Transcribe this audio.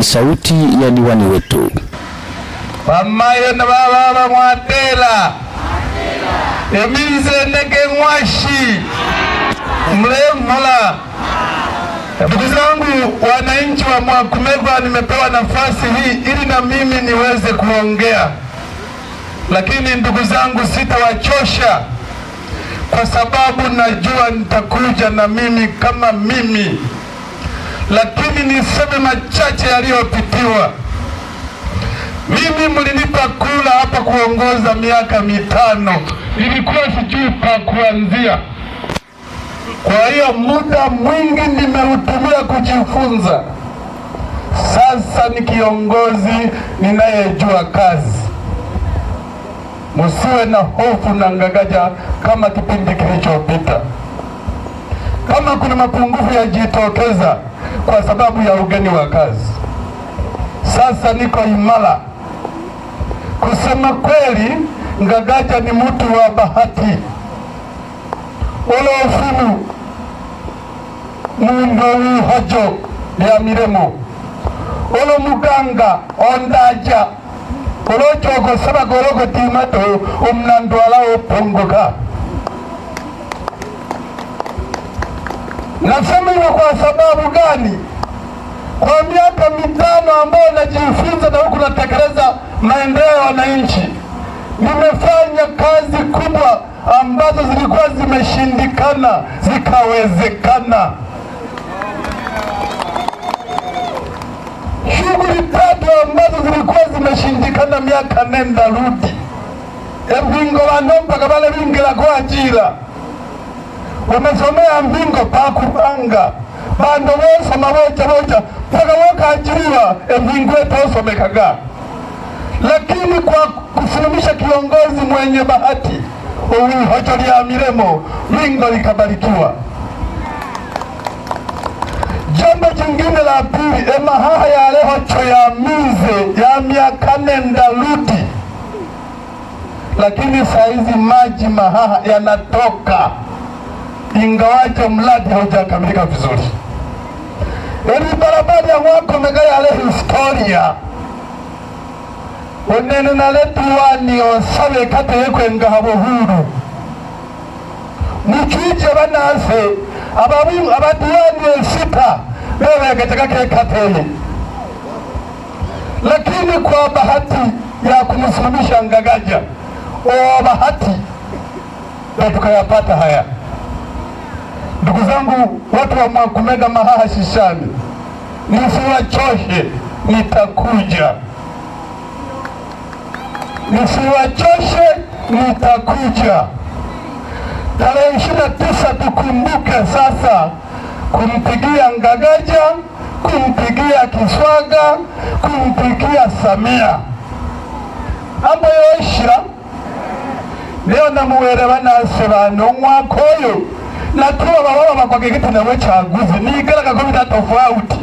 ni sauti ya diwani wetu pamayo na baba mwatela emizendeke mwashi mlemala. Ndugu zangu wananchi wa Mwakumegwa, nimepewa nafasi hii ili na mimi niweze kuongea, lakini ndugu zangu sitawachosha kwa sababu najua nitakuja na mimi kama mimi lakini niseme machache yaliyopitiwa. Mimi mlinipa kula hapa kuongoza miaka mitano, nilikuwa sijui pa kuanzia. Kwa hiyo muda mwingi nimeutumia kujifunza. Sasa ni kiongozi ninayejua kazi. Msiwe na hofu na ngagaja kama kipindi kilichopita. Kama kuna mapungufu yajitokeza, kwa sababu ya ugeni wa kazi. Sasa niko imara kusema kweli. Ngagaja ni mtu wa bahati. Ule ufumu mundu wihojo lya miremo olo muganga ondaja olocogosabaga ologotima to omunandu opongoka Nasema hilo kwa sababu gani? Kwa miaka mitano ambayo najifunza na huku natekeleza maendeleo ya wananchi, nimefanya kazi kubwa ambazo zilikuwa zimeshindikana zikawezekana. Shughuli tatu ambazo zilikuwa zimeshindikana miaka nenda rudi, evingo vanompa kavala vingira kwa ajira vamesomea mvingo pakupanga vandu vosoma vocha vocha mpaka wakachiriwa embingo wetu Lakini kwa kusimamisha kiongozi mwenye bahati uwihocho lya milemo mbingo likabarikiwa. Jambo jingine la pili, emahaha yalehocho ya mize ya miaka nenda rudi, lakini saizi maji mahaha yanatoka ingawaje mradi haujakamilika vizuri. Hili yaani barabara ya Mwakomegere yale historia unene naletuwani onsabe kata yekwenga habo huru mukiije bananse abadiwani ensita bebegejaga ke kateye lakini kwa bahati ya kumsimamisha Ngagaja o bahati tukayapata haya Ndugu zangu watu wa Mwakumena Mahaha Sishani, nisiwachoshe, nitakuja. Nisiwachoshe, nitakuja. Tarehe ishirini na tisa tukumbuke sasa kumpigia Ngagaja, kumpigia Kiswaga, kumpigia Samia ambo yoshira leo namuwere banase banong'wa koyo na baba bakwaga igitana we caguze nigaragakomita tofauti